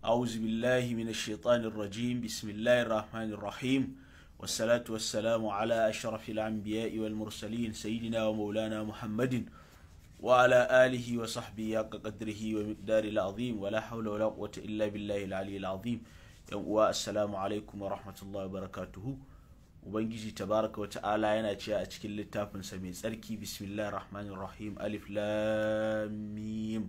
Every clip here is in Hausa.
أعوذ بالله من الشيطان الرجيم بسم الله الرحمن الرحيم والصلاة والسلام على أشرف الأنبياء والمرسلين سيدنا ومولانا محمد وعلى آله وصحبه قدره ومقدار العظيم ولا حول ولا قوة إلا بالله العلي العظيم السلام عليكم ورحمة الله وبركاته ubangiji tabaraka wa ta'ala yana cewa a cikin littafinsa mai tsarki bismillahir rahmanir rahim alif lam mim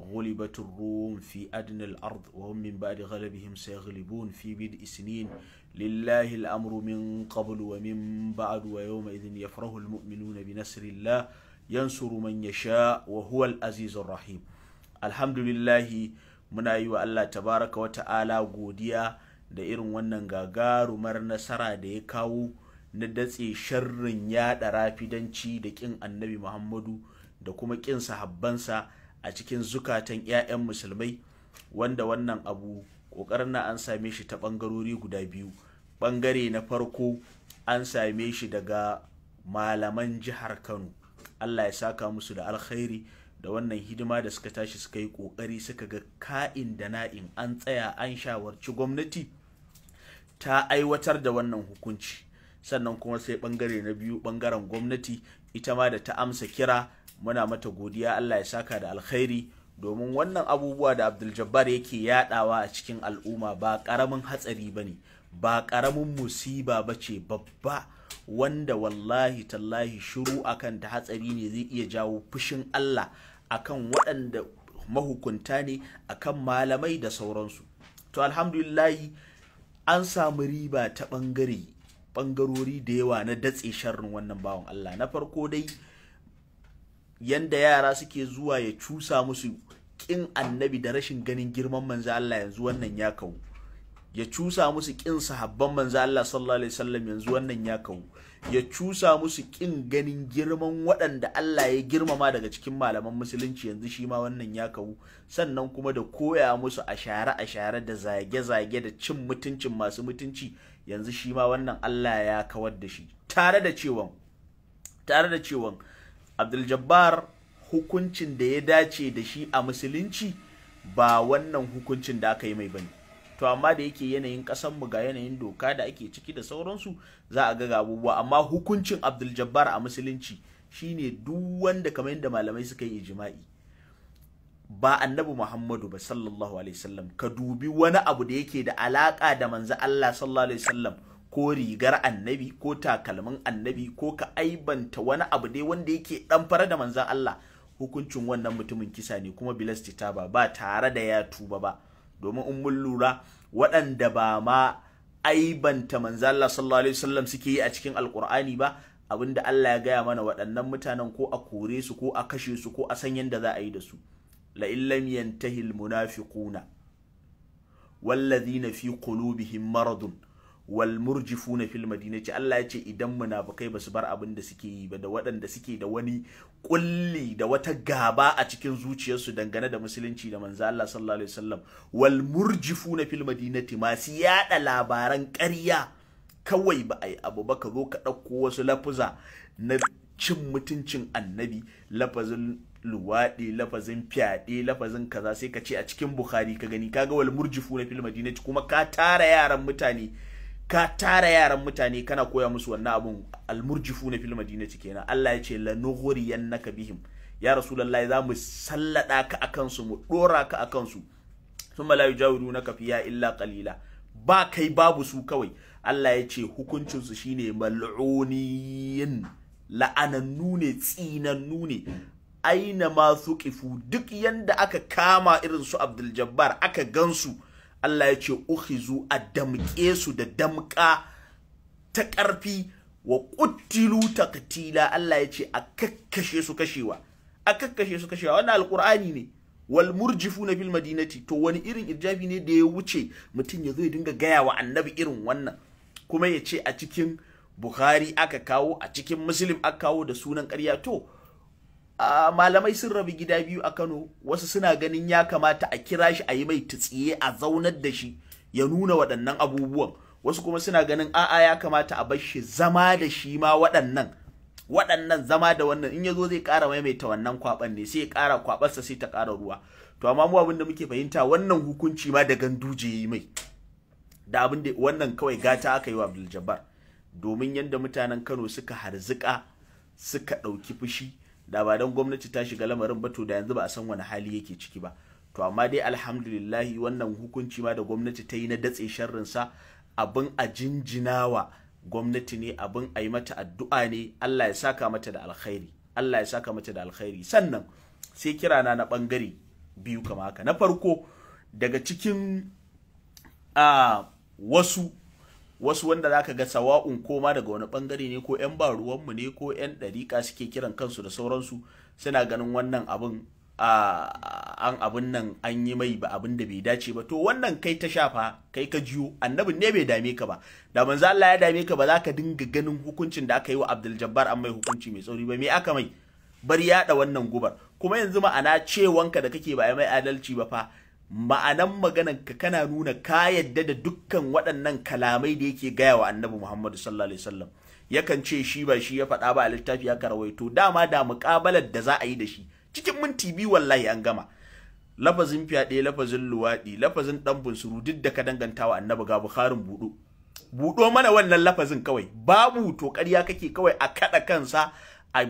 غلبت الروم في أدنى الأرض وهم من بعد غلبهم سيغلبون في بدء سنين لله الأمر من قبل ومن بعد ويومئذ يفرح المؤمنون بنصر الله ينصر من يشاء وهو العزيز الرحيم الحمد لله muna yi wa Allah tabaraka wa ta'ala godiya da irin wannan gagarumar nasara da ya kawo na datse sharrin yaɗa rafidanci da ƙin annabi Muhammadu da kuma ƙin sahabbansa a cikin zukatan 'ya'yan musulmai wanda wannan abu ƙoƙarin na an same shi ta ɓangarori guda biyu ɓangare na farko an same shi daga malaman jihar kano allah ya saka musu da alkhairi da wannan hidima da suka tashi suka yi ƙoƙari suka ga ka'in da na'in an tsaya an shawarci gwamnati ta aiwatar da wannan hukunci sannan kuma sai ɓangare na biyu ɓangaren gwamnati ita ma da ta amsa kira muna mata godiya Allah ya saka da alkhairi domin wannan abubuwa da Abdul Jabbar yake yadawa a cikin al'umma ba ƙaramin hatsari bane ba ƙaramin musiba bace babba wanda wallahi tallahi shiru akan ta hatsari ne zai iya jawo fushin Allah akan waɗanda mahukunta ne akan malamai da sauransu to alhamdulillahi an samu riba ta ɓangare ɓangarori da yawa na datse sharrin wannan bawan Allah na farko dai yanda yara suke zuwa ya cusa musu kin annabi da rashin ganin girman manzo Allah yanzu wannan ya kawo ya cusa musu kin sahabban manzo Allah sallallahu alaihi wasallam yanzu wannan ya kawo ya cusa musu kin ganin girman waɗanda Allah ya girmama daga cikin malaman musulunci yanzu shi ma wannan ya kawo sannan kuma da koya musu ashare ashare da zage zage da cin mutuncin masu mutunci yanzu shi ma wannan Allah ya kawar da shi tare da cewa tare da cewa abdul jabbar hukuncin da ya dace da shi a musulunci ba wannan hukuncin da aka yi mai bane to amma da yake yanayin kasan mu ga yanayin doka da ake ciki da sauransu za a ga abubuwa amma hukuncin Abdul Jabbar a musulunci shine duk wanda kamar yadda malamai suka yi jima'i ba annabi Muhammadu ba sallallahu alaihi wasallam ka dubi wani abu da yake da alaƙa da manzo Allah sallallahu alaihi wasallam ko rigar annabi ko takalmin annabi ko ka aibanta wani abu dai wanda yake dan fara da manzan Allah hukuncin wannan mutumin kisa ne kuma bilas ta ba tare da ya tuba ba domin in mun lura waɗanda ba ma aibanta manzan Allah sallallahu alaihi wasallam suke yi a cikin alkur'ani ba abinda Allah ya gaya mana waɗannan mutanen ko a kore su ko a kashe su ko a san yadda za a yi da su la illam yantahi almunafiquna والذين في قلوبهم مرض walmurjifuna fil madina ce Allah ya ce idan munafikai basu bar abin da suke yi ba da waɗanda suke da wani kulli da wata gaba a cikin zuciyarsu dangane da musulunci da manzo Allah sallallahu alaihi wasallam wal fil madinati masu yada labaran ƙarya kawai ba ai abu ba ka zo ka ɗauko wasu lafuza na cin mutuncin annabi lafazin luwaɗi lafazin fyaɗe lafazin kaza sai ka ce a cikin bukhari ka gani kaga walmurjifuna walmurjifu na fil madinati kuma ka tara yaran mutane ka tara yaran mutane kana koya musu wannan abun almurjifu na fil ci kenan Allah ya ce lanughuriyannaka bihim ya rasulullahi za mu sallada ka akan su mu dora ka akan su thumma la yujawirunaka fiya illa qalila ba kai babu su kawai Allah ya ce hukuncin su shine mal'uniyin la'anannu ne tsinannu ne aina ma suqifu duk yanda aka kama irin su Abdul Jabbar aka gansu Allah ya ce ukhizu a damƙe su da damƙa ta ƙarfi wa ta katila. Allah ya ce a kakkashe su kashewa a kakkashe su kashewa wannan Alƙur'ani ne wal murjifuna fil madinati to wani irin irjafi ne da ya wuce mutum ya zo ya dinga gaya wa annabi irin wannan kuma ya ce a cikin Bukhari aka kawo a cikin Muslim aka kawo da sunan ƙarya to malamai sun rabi gida biyu a Kano wasu suna ganin ya kamata a kira shi a yi mai tsiye a zaunar da shi ya nuna waɗannan abubuwan wasu kuma suna ganin a'a ya kamata a bar shi zama da shi ma waɗannan waɗannan zama da wannan in ya zo zai ƙara maimaita wannan kwaɓan ne sai ya ƙara kwaɓarsa sai ta ƙara ruwa to amma mu abin da muke fahimta wannan hukunci ma da ganduje yi mai da abin da wannan kawai gata aka yi wa Abdul Jabbar domin yadda mutanen Kano suka harzuka suka ɗauki fushi da ba don gwamnati ta shiga lamarin ba to da yanzu ba a san wani hali yake ciki ba to amma dai alhamdulillah wannan hukunci ma da gwamnati ta yi na datse sharrin sa abin a jinjinawa gwamnati ne abin a yi mata addu'a ne Allah ya saka mata da alkhairi Allah ya saka mata da alkhairi sannan sai kirana na bangare biyu kama haka na farko daga cikin a ah, wasu wasu wanda zaka ga sawa'un koma daga wani bangare ne ko yan ba ruwanmu ne ko yan ɗariƙa suke kiran kansu da sauransu suna ganin wannan abin an abin nan an yi mai ba abin da bai dace ba to wannan kai ta shafa kai ka jiyo annabin ne bai dame ka ba da manzo Allah ya dame ka ba za ka dinga ganin hukuncin da aka yi wa Abdul Jabbar an mai hukunci mai tsauri ba me aka mai bar yaɗa wannan gubar kuma yanzu ma'ana cewanka da kake ba mai adalci ba fa ma'anan maganan ka kana nuna ka yadda da dukkan waɗannan kalamai da yake gaya wa annabi Muhammadu sallallahu alaihi wasallam yakan ce shi ba shi ya faɗa ba a littafi aka rawaito dama da muƙabalar da za a yi da shi cikin minti biyu wallahi an gama lafazin fyaɗe lafazin luwaɗi lafazin ɗan bunsuru duk da ka danganta wa annabi ga bukharin buɗo buɗo mana wannan lafazin kawai babu to ƙarya kake kawai a kaɗa kansa a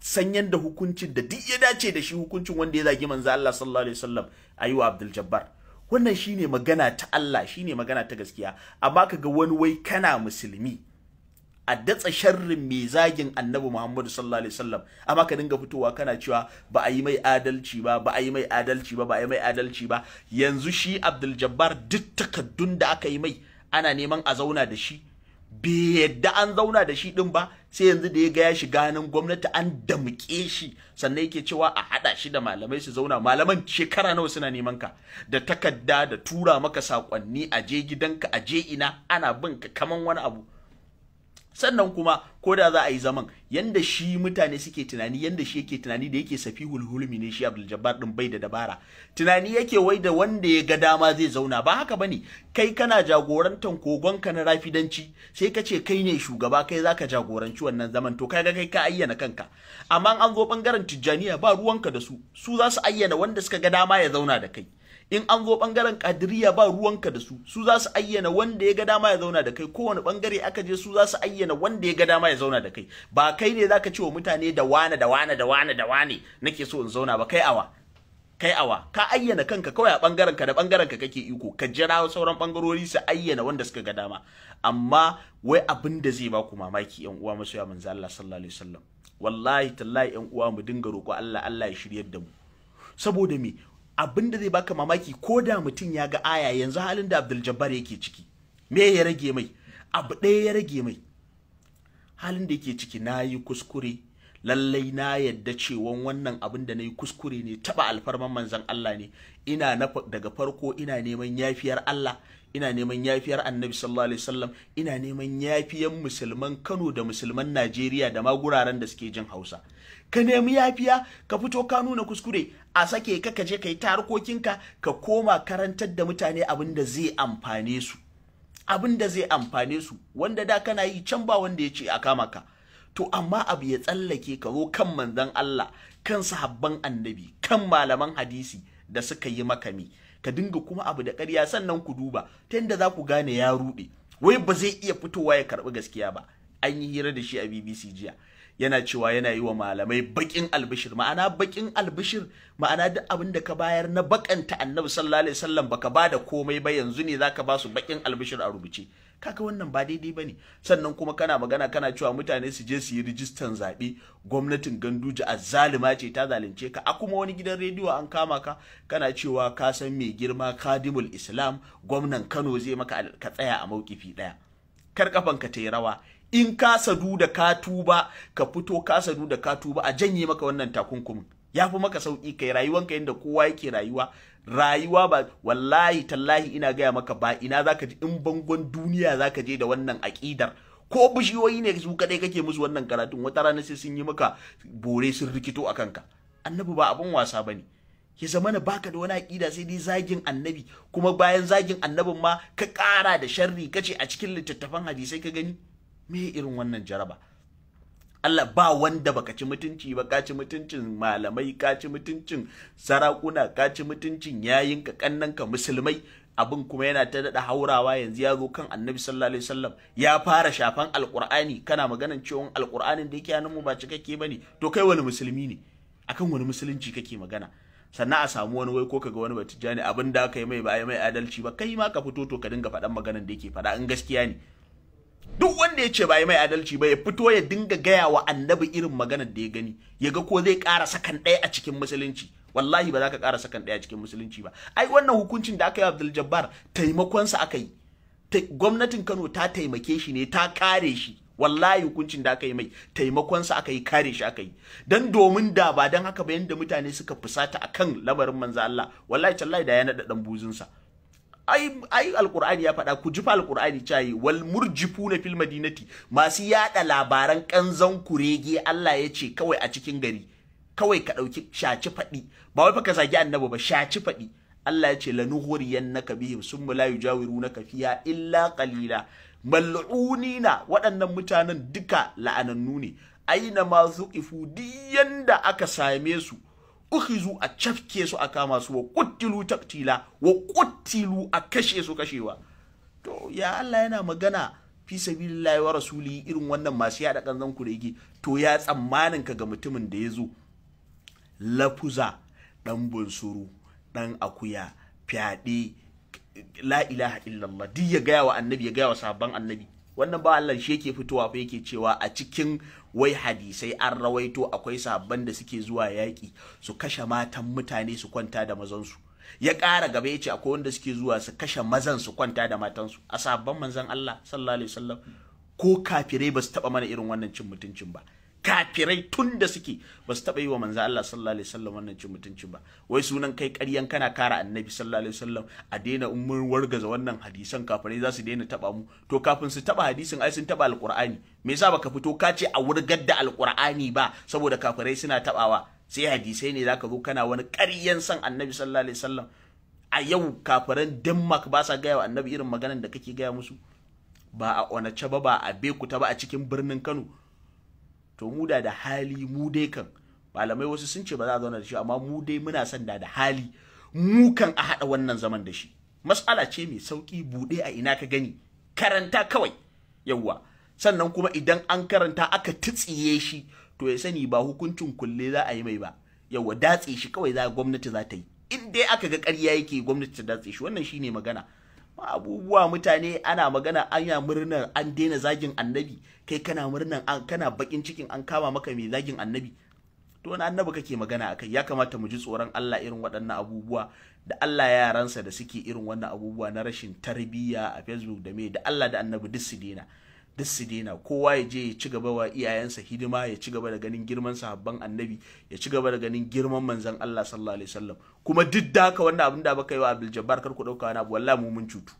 sanyan da hukuncin da duk ya dace da shi hukuncin wanda ya zagi manzo Allah sallallahu alaihi wasallam wa Abdul Jabbar wannan shine magana ta Allah shine magana ta gaskiya amma kaga wani wai kana musulmi a datsa sharrin mai zagin annabi Muhammadu sallallahu alaihi wasallam amma ka dinga fitowa kana cewa ba a yi mai adalci ba ba a yi mai adalci ba ba a yi mai adalci ba yanzu shi Abdul Jabbar duk takaddun da aka yi mai ana neman a zauna da shi bai yadda an zauna da shi din ba sai yanzu da ya gaya shi shiga gwamnati an damƙe shi sannan yake cewa a haɗa shi da malamai su zauna malaman shekara nawa suna neman ka da takarda da tura maka sakonni a je gidanka a je ina ana bin ka kaman wani abu sannan kuma ko da za a yi zaman yanda shi mutane suke tunani yanda shi yake tunani da yake safi hulhulmi ne shi Abdul Jabbar din bai da dabara tunani yake wai da wanda ya ga dama zai zauna ba haka bane kai kana jagorantan kogon ka na rafidanci sai ka ce kai ne shugaba kai zaka jagoranci wannan zaman to kai ga kai ka ayyana kanka amma an zo ɓangaren tijjaniya ba ruwanka da su su za su ayyana wanda suka ga dama ya zauna da kai in an zo bangaren kadiriya ba ruwanka da su su za su ayyana wanda ya ga dama ya zauna da kai kowane bangare aka je su za su ayyana wanda ya ga dama ya zauna da kai ba kai ne zaka ce wa mutane da wane da wane da wane da wane nake so in zauna ba kai awa kai awa ka ayyana kanka kawai a bangaren ka da bangaren ka kake iko ka jira sauran bangarori su ayyana wanda suka ga dama amma wai abin da zai ba ku mamaki yan uwa masoya manzo Allah sallallahu alaihi wasallam wallahi tallahi yan uwa mu dinga roƙo Allah Allah ya shiryar da mu saboda me abin da zai baka mamaki ko da mutum ya ga aya yanzu halin da Abdul Jabbar yake ciki me ya rage mai abu ɗaya ya rage mai halin da yake ciki na yi kuskure lallai na yadda cewan wannan abin da na yi kuskure ne taɓa alfarman manzan Allah ne ina daga farko ina neman yafiyar Allah ina neman yafiyar annabi sallallahu alaihi wasallam ina neman yafiyar musulman Kano da musulman Najeriya da ma guraren da suke jin Hausa ka nemi yafiya ka fito ka nuna kuskure a sake ka ka je kai tarkokinka ka koma karantar da mutane abin da zai amfane su abin da zai amfane su wanda da kana yi can ba wanda ya ce a kama ka to amma abu ya tsallake ka zo kan manzon Allah kan sahabban annabi kan malaman hadisi da suka yi maka makami ka dinga kuma abu da ƙarya sannan ku duba ta yadda za ku gane ya ruɗe wai ba zai iya fitowa ya karɓi gaskiya ba an yi hira da shi a BBC jiya yana cewa yana yi wa malamai baƙin albishir ma'ana bakin albishir ma'ana duk abin da ka bayar na bakanta annabi sallallahu alaihi wasallam baka bada komai ba yanzu ne zaka ba su bakin albishir a rubuce kaga wannan ba daidai bane sannan kuma kana magana kana cewa mutane su je su yi rijistan zaɓe gwamnatin ganduje zalima ce ta zalunce ka a kuma wani gidan rediyo an kama ka kana cewa ka san mai girma kadimul islam gwamnan kano zai maka ka tsaya a maukifi ɗaya kar kafanka ta yi rawa in ka sadu da ka tuba ka fito ka sadu da ka tuba a janye maka wannan takunkumin ya fi maka sauƙi kai rayuwanka yadda kowa yake rayuwa rayuwa ba wallahi tallahi ina gaya maka ba ina zaka ji in bangon duniya za ka je da wannan aƙidar ko bishiyoyi ne su kadai kake musu wannan karatun wata rana sai sun yi maka bore sun rikito a kanka annabi ba abin wasa ba ne. ya zama na baka da wani aƙida sai dai zagin annabi kuma bayan zagin annabin ma ka ƙara da sharri kace a cikin littattafan hadisai ka gani me irin wannan jaraba Allah ba wanda baka ci mutunci ba ka ci mutuncin malamai ka ci mutuncin sarakuna ka ci mutuncin yayinka kannanka musulmai abin kuma yana ta daɗa haurawa yanzu ya zo kan annabi sallallahu alaihi wasallam ya fara shafan alkur'ani kana maganan cewa alkur'anin da yake hannun mu ba cikakke bane to kai wani musulmi ne akan wani musulunci kake magana sannan a samu wani wai ko kaga wani batijani abin da aka yi mai ba mai adalci ba kai ma ka fito to ka dinga faɗan maganan da yake faɗa in gaskiya ne duk wanda ya ce ba mai adalci ba ya fito ya dinga gaya wa annabi irin maganar da ya gani ya ga ko zai kara sakan ɗaya a cikin musulunci wallahi ba za ka ƙara sakan ɗaya a cikin musulunci ba ai wannan hukuncin da aka yi Abdul Jabbar taimakonsa aka yi gwamnatin Kano ta taimake shi ne ta kare shi wallahi hukuncin da aka yi mai taimakonsa aka yi kare shi aka yi dan domin da ba dan haka ba yanda mutane suka fusata akan labarin manzo Allah wallahi tallahi da ya naɗa ɗan sa ai ai alqur'ani ya faɗa ku jifa alqur'ani cayi wal na fil madinati masu yada labaran kanzan kurege Allah ya ce kawai a cikin gari kawai ka dauki shaci faɗi ba wai fa ka zagi annabi ba shaci faɗi Allah ya ce lanuhuriyannaka bihim summa la yujawirunaka fiha illa qalila mal'unina waɗannan mutanen duka la'anannu ne aina ma zuqifu diyan da aka same su ukhizu a cafke su a kama su wa quttilu taktila wa quttilu a kashe su kashewa to ya Allah yana magana fi sabilillahi wa rasuli irin wannan masu yada kanzan kuregi to ya tsammanin ka ga mutumin da ya zo lafuza ɗan bunsuru ɗan akuya fyaɗe la ilaha illallah duk ya gaya wa annabi ya gaya wa sabon annabi wannan ba Allah shi yake fitowa fa yake cewa a cikin wai hadisai an rawaito akwai sahabban da suke zuwa yaƙi su kashe matan mutane su kwanta da mazansu ya ƙara gaba ya ce akwai wanda suke zuwa su kashe mazan su kwanta da matansu a sahabban manzon Allah sallallahu alaihi wasallam ko kafirai ba su taɓa mana irin wannan cin mutuncin ba kafirai tun da suke ba su taɓa yi wa manzo Allah sallallahu alaihi wasallam wannan cin mutuncin ba wai sunan kai ƙaryan kana kara annabi sallallahu alaihi wasallam a daina umur wargaza wannan hadisan kafirai za su daina taɓa mu to kafin su taɓa hadisin ai sun taɓa alƙur'ani me yasa baka fito ka ce a wurgar da alƙur'ani ba saboda kafirai suna taɓawa sai hadisai ne zaka zo kana wani ƙaryan san annabi sallallahu alaihi wasallam a yau kafiran Denmark ba sa gaya wa annabi irin maganan da kake gaya musu ba a onace ba ba a ta ba a cikin birnin Kano to mu da da hali mu dai kan malamai wasu sun ce ba za a zauna da shi amma mu dai muna son da da hali mu kan a haɗa wannan zaman da shi mas'ala ce mai sauƙi buɗe a ina ka gani karanta kawai yawwa sannan kuma idan an karanta aka titsiye shi to ya sani ba hukuncin kulle za a yi mai ba yawwa datse shi kawai za gwamnati za ta yi in dai aka ga ƙarya yake gwamnati ta datse shi wannan shine magana abubuwa mutane ana magana anya murnar an daina zagin annabi kai kana murnar an kana bakin cikin an kama maka mai zagin annabi to wani annabi kake magana akai ya kamata mu ji tsoron Allah irin waɗannan abubuwa da Allah yaransa da suke irin wannan abubuwa na rashin tarbiyya a Facebook da me da Allah da annabi duk su daina duk su daina kowa ya je ya ci gaba wa iyayensa hidima ya ci gaba da ganin girman sahabban annabi ya ci gaba da ganin girman manzon Allah sallallahu alaihi wasallam kuma duk da haka wanda abin da baka yi wa Abdul Jabbar kar ku dauka wani abu wallahi mu mun cutu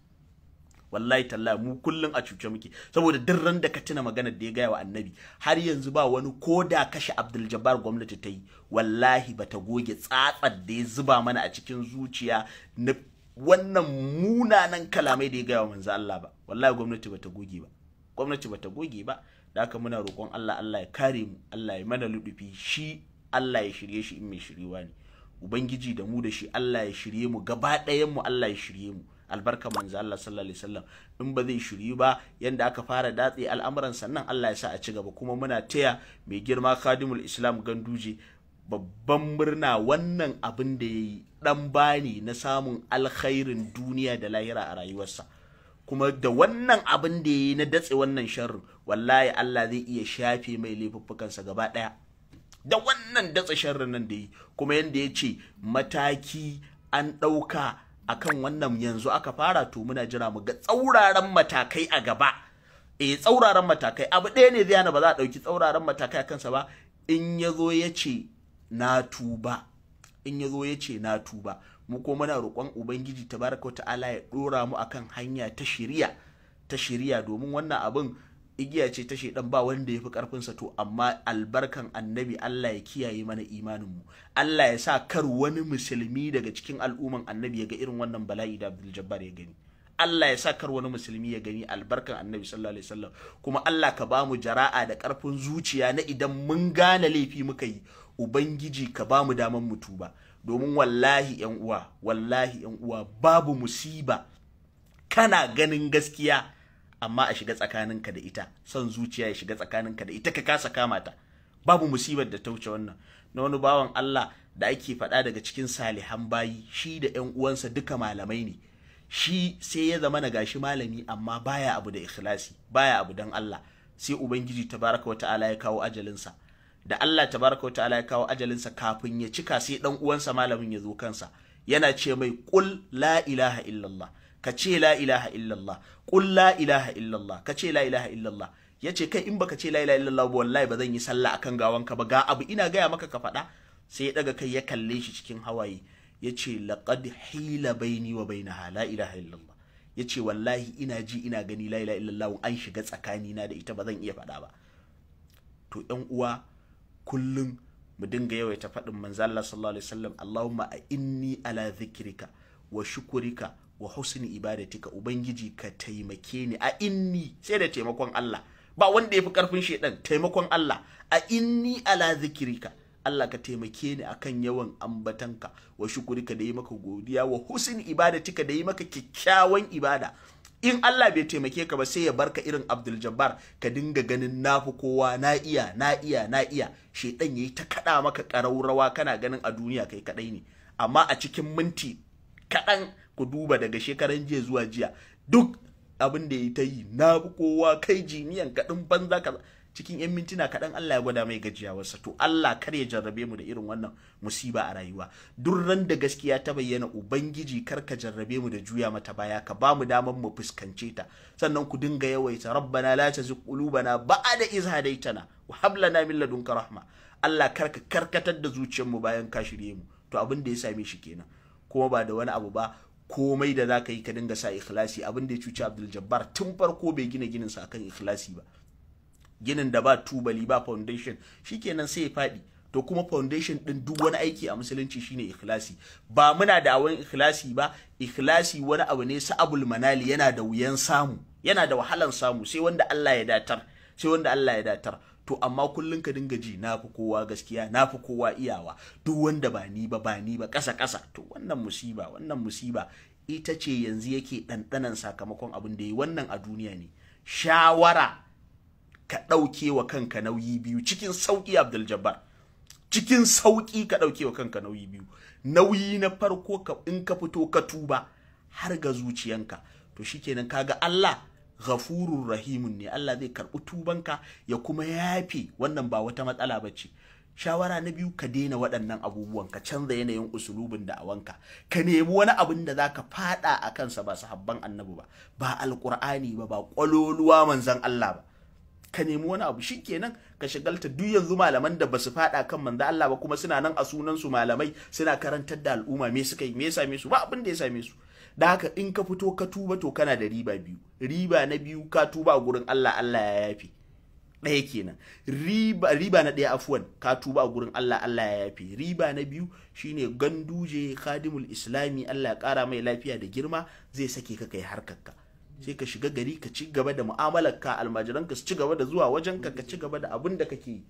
wallahi tallahi mu kullun a cuce muke saboda duk ran da ka tuna magana da ya gaya wa annabi har yanzu ba wani ko da kashe Abdul Jabbar gwamnati ta yi wallahi bata goge tsatsar da ya zuba mana a cikin zuciya na wannan munanan kalamai da ya gaya wa manzo Allah ba wallahi gwamnati bata goge ba gwamnati bata goge ba da haka muna roƙon Allah Allah ya kare mu Allah ya mana ludufi shi Allah ya shirye shi in mai shiriwa ne ubangiji da mu da shi Allah ya shirye mu gaba ɗayan mu Allah ya shirye mu albarka manzo Allah sallallahu alaihi wasallam in ba zai shiryu ba yanda aka fara datse al'amuran sannan Allah ya sa a ci gaba kuma muna taya mai girma khadimul islam ganduje babban murna wannan abin da yayi dan bani na samun alkhairin duniya da lahira a rayuwarsa kuma da wannan abin da ya yi na datse wannan sharrin wallahi Allah zai iya shafe mai laifuffukansa gaba ɗaya da wannan datse sharrin nan da yi kuma yadda ya ce mataki an ɗauka akan wannan yanzu aka fara to muna jira mu ga tsauraran matakai a gaba eh tsauraran matakai abu ɗaya ne zai ba za a ɗauki tsauraran matakai a kansa ba in ya zo ya ce na tuba in ya zo ya ce na tuba mu ko muna roƙon ubangiji wata ta'ala ya dora mu akan hanya ta shiriya ta shiriya domin wannan abin igiya ce ta shaidan ba wanda ya fi karfinsa to amma albarkan annabi Allah ya kiyaye mana imaninmu Allah ya sa kar wani musulmi daga cikin al'umman annabi ya ga irin wannan bala'i da Abdul ya gani Allah ya sa kar wani musulmi ya gani albarkan annabi sallallahu alaihi wasallam kuma Allah ka ba mu jara'a da karfin zuciya na idan mun gane laifi muka yi ubangiji ka ba mu daman mutu ba domin wallahi yan uwa wallahi yan uwa babu musiba kana ganin gaskiya amma a shiga tsakaninka da ita son zuciya ya shiga tsakaninka da ita ka kasa kama ta babu musibar da ta wuce wannan na wani bawan Allah da ake faɗa daga cikin salihan bayi shi da 'yan uwansa duka malamai ne shi sai ya zama na gashi malami amma baya abu da ikhlasi baya abu dan Allah sai ubangiji tabaraka wata'ala ya kawo ajalinsa da Allah tabaraka ta'ala ya kawo ajalinsa kafin ya cika sai ɗan uwansa malamin ya zo kansa yana ce mai Kul! la ilaha illallah ka ce la ilaha illallah Kul! la ilaha illallah ka ce la ilaha illallah ce, kai in baka ce la ilaha illallah ba wallahi ba zan yi sallah akan gawanka ba ga abu ina gaya maka ka faɗa sai ya daga kai ya kalle shi cikin hawaye Ya ce laqad hila baini wa bainaha la ilaha illallah Ya ce, wallahi ina ji ina gani la ilaha illallah an shiga tsakanina da ita ba zan iya faɗa ba to 'yan uwa kullum mu dinga yawaita faɗin manzala Allah sallallahu alaihi wasallam Allahumma a inni ala zikirika wa shukurika wa husni ibadatika ubangiji ka taimake ni a inni sai da taimakon Allah ba wanda ya fi karfin shedan taimakon Allah a inni ala zikirika Allah ka taimake ni akan yawan ambatanka wa shukurika da yi maka godiya wa husni ibadatika da yi maka kyakkyawan ibada in Allah bai taimake ka ba sai ya barka irin Abdul Jabbar ka dinga ganin na fi kowa na iya na iya na iya shedan yayi ta kada maka karaurawa kana ganin a duniya kai kadai ne amma a cikin minti kadan ku duba daga shekaran jiya zuwa jiya duk abin da ya ta yi na kowa kai jiniyan kaɗin banza ka. cikin 'yan mintuna kaɗan Allah ya gwada mai gajiyawarsa to Allah kar ya jarrabe mu da irin wannan musiba a rayuwa duk ran da gaskiya ta bayyana ubangiji kar ka jarrabe mu da juya mata baya ka ba mu daman mu fuskance ta sannan ku dinga yawaita rabbana la tazigh qulubana ba'da iz hadaitana wa hab lana min ladunka rahma Allah kar ka karkatar da zuciyarmu bayan ka shirye mu to abin da ya same shi kenan kuma ba da wani abu ba komai da za ka yi ka dinga sa ikhlasi abin da ya cuci abdul jabbar tun farko bai gina ginin sa akan ikhlasi ba ginin da ba tubali ba foundation kenan sai ya faɗi to kuma foundation din duk wani aiki a musulunci shine ikhlasi ba muna da awon ikhlasi ba ikhlasi wani abu ne sa'abul manali yana da wuyan samu yana da wahalan samu sai wanda Allah ya datar sai wanda Allah ya datar to amma kullum ka dinga ji na fi kowa gaskiya na fi kowa iyawa duk wanda ba ni ba ba ni ba ƙasa kasa to wannan musiba wannan musiba ita ce yanzu yake ɗanɗanan sakamakon abin da ya wannan a duniya ne shawara ka ɗauke wa kanka nauyi biyu cikin sauƙi Abdul cikin sauƙi ka ɗauke wa kanka nauyi biyu nauyi na farko in ka fito ka tuba har ga zuciyanka to shikenan ga Allah ghafurur rahimun ne Allah zai karɓi tubanka ya kuma yafe wannan ba wata matsala ba ce shawara na biyu ka daina waɗannan abubuwan ka canza yanayin usulubin wanka. ka nemi wani abin da zaka faɗa a kansa ba habban annabi ba ba Alƙur'ani ba ba kwaloluwa manzan Allah ba ka nemi wani abu shikenan ka shigalta duk yanzu malaman da basu fada kan manzo Allah ba kuma suna nan a sunan su malamai suna karantar da al'umma me suka yi me ya same su ba abin da ya same su da haka in ka fito ka tuba to kana da riba biyu riba na biyu ka tuba a gurin Allah Allah ya yafi ɗaya kenan riba na ɗaya afuwan ka tuba a gurin Allah Allah ya yafi riba na biyu shine ganduje khadimul islami Allah ya ƙara mai lafiya da girma zai sake ka kai ka sai ka shiga gari ka ci gaba da mu'amalar ka almajiran ka su ci gaba da zuwa wajen ka ka ci gaba da abin da kake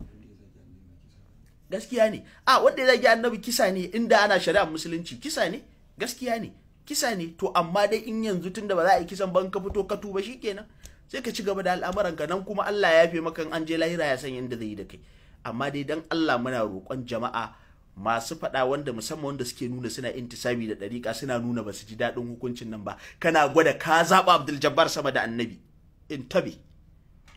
gaskiya ne a wanda ya zagi annabi kisa ne inda ana shari'ar musulunci kisa ne gaskiya ne kisa ne to amma dai in yanzu tunda ba za a yi kisan ban ka fito ka tuba kenan sai ka ci gaba da ka nan kuma Allah ya yafe maka an je lahira ya san yanda zai yi da kai amma dai dan Allah muna roƙon jama'a masu faɗa wanda musamman wanda suke nuna suna intisabi da ɗariƙa suna nuna ba su ji daɗin hukuncin nan ba kana gwada ka zaɓa Abdul Jabbar sama da annabi intabi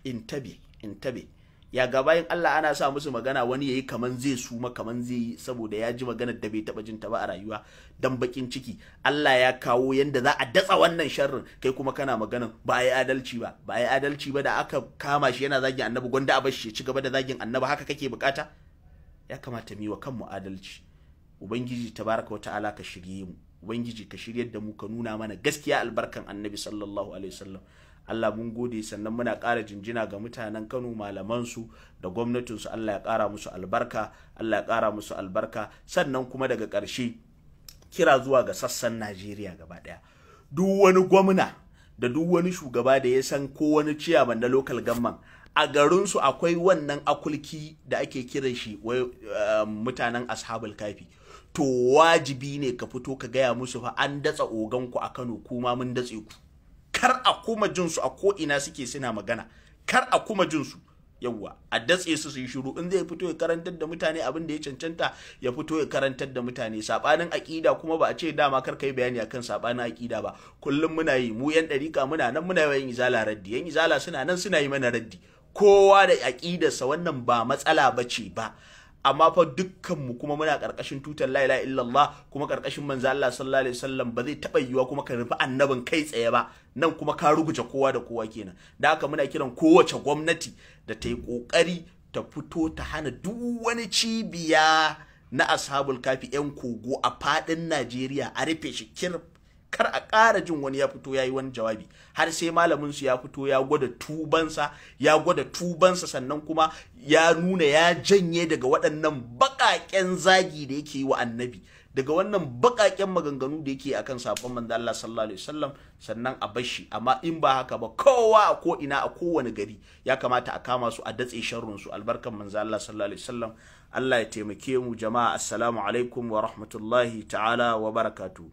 intabi intabi ya ga bayan Allah ana sa musu magana wani yayi kaman zai suma kaman zai yi saboda ya ji magana da bai taba jin ta ba a rayuwa dan bakin ciki Allah ya kawo yanda za a datsa wannan sharrin kai kuma kana magana ba yi adalci ba ba yi adalci ba da aka kama shi yana zagin annabi gwanda a bashi ya ci gaba da zagin annabi haka kake bukata ya kamata mu wa kanmu adalci ubangiji tabaraka wa ta'ala ka shirye mu ubangiji ka shiryar da mu ka nuna mana gaskiya albarkan annabi sallallahu alaihi wasallam Allah mun gode sannan muna ƙara jinjina ga mutanen Kano malamansu da gwamnatinsu Allah ya ƙara musu albarka Allah ya ƙara musu albarka sannan kuma daga ƙarshe kira zuwa ga sassan Najeriya gaba ɗaya duk wani gwamna da duk wani shugaba da ya san ko wani ciyaman na local gamman a garinsu akwai wannan akulki da ake kiran shi wai um, mutanen ashabul kafi to wajibi ne ka fito ka gaya musu fa an datsa oganku a Kano kuma mun datse ku kar a kuma jin a ko ina suke suna magana kar a kuma jinsu. Yauwa, a datse su su yi shiru in zai fito ya karantar da mutane abin da ya cancanta ya fito ya karantar da mutane sabanin aƙida, kuma ba a ce dama kar kai bayani akan sabanin akida ba kullum muna yi mu yan dariƙa muna nan muna yin izala raddi yan izala suna nan suna yi mana raddi kowa da aƙidarsa wannan ba matsala ba ce ba amma fa dukkanmu kuma muna karkashin tutar la ilaha illallah kuma ƙarƙashin manzo Allah sallallahu alaihi wasallam ba zai taɓa yiwuwa kuma ka rufe annabin kai tsaye ba nan kuma ka rubuce kowa da kowa kenan da haka muna kiran kowace gwamnati da ta yi ƙoƙari ta fito ta hana duk wani cibiya na ashabul kafi yan kogo a fadin Najeriya a rufe shi kirf kar a ƙara jin wani ya fito ya yi wani jawabi har sai malamin su ya fito ya gwada tubansa ya gwada tubansa sannan kuma ya nuna ya janye daga waɗannan baƙaƙen zagi da yake yi wa annabi daga wannan baƙaƙen maganganu da yake akan sabon manzo Allah sallallahu alaihi wasallam sannan a bashi amma in ba haka ba kowa a ko ina a kowane gari ya kamata a kama su a datse sharrun su albarkan manzo Allah sallallahu alaihi wasallam Allah ya taimake mu jama'a assalamu alaikum wa rahmatullahi ta'ala wa barakatuh